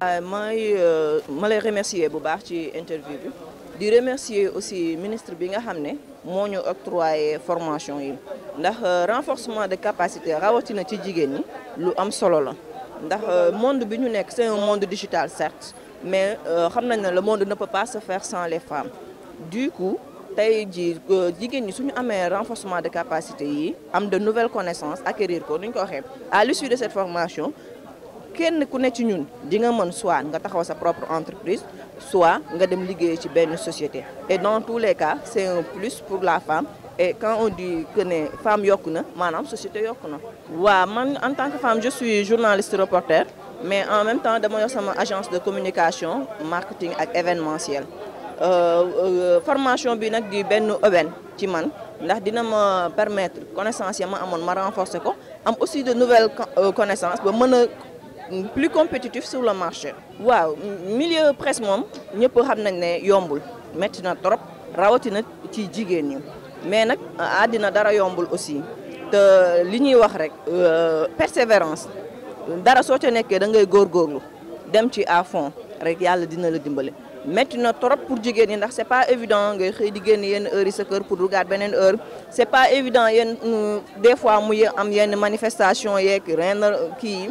Je euh, voudrais euh, remercier bu interview aussi ministre bi nga formation Le euh, renforcement de capacité monde c'est un monde digital certes mais le monde ne peut pas se faire sans les femmes du coup si nous avons un renforcement de capacités, de nouvelles connaissances acquérir à l'issue de cette formation kenn ku ne ci ñun di nga mën soit nga taxaw sa propre entreprise soit nga dem liggéey ci société et dans tous les cas c'est un plus pour la femme et quand on dit que ne femme yokk na maanaam société yokk na man en tant que femme je suis journaliste reporter mais en même temps dama yor sama agence de communication marketing et événementiel euh, euh, formation bi nag di benn aubaine ci man ndax dina ma permettre connaissance ya ma ma renforcer ko am aussi de nouvelles euh, connaissances ba plus compétitif sur le marché. waaw milieu presse mom ñepp xam nañ né yombul metti na trop rawatina ci jigen ñi mais nak adina dara yombul aussi te li ñuy wax rek euh, persévérance dara soo ca nekkee da ngay gor gorlu dem ci à fond rek yalla dina la dimbalé metti na trop pour jigen ni ndax c'est pas évident ngay xey di genn yenn heure yi sa kër pour regarder benen heure c'est pas évident yenn des fois mu am yenn manifestation yeeg rien qui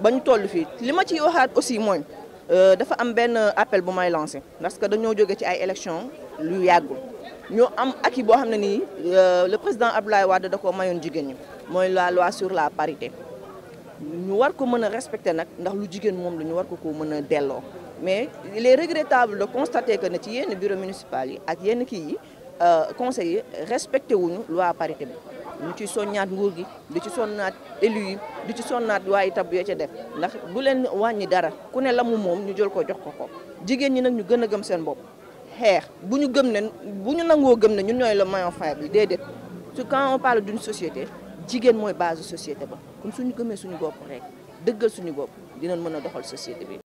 bañ ñu fi lima ci waxat aussi moy euh dafa am ben appel bu may lancer parce que dañoo jóge ci ay élections lu yàggul ñu am ak bo xamné ni ne euh, le président Abdoulaye Wade da koo mayoon jigéen ñi mooy la loi sur la parité ñu war ko mëna respecter nak ndax lu jigen mom lu ñu war ko ko mën a mais il est regrettable de constater que ne ci yenn bureau municipal yi ak yenn ki yi euh conseillers respecté wuñu loi parité bi ñu ciy sonnaat nguur gi di ci sonnaat élus yi di ci sonnaat waaye itab yoo ca def ndax du leen wàññi dara ku ne la mu moom ñu jël ko jox ko ko jigéen ñi nag ñu gën a gëm seen bopp xeex bu ñu gëm ne bu ñu nangoo gëm ne ñun ñooy le maillon faible déedéet su quand on parle d'une société jigéen mooy base société ba kon suñu gëmee suñu bopp rek dëggal suñu bopp dinañ mën a doxal société bi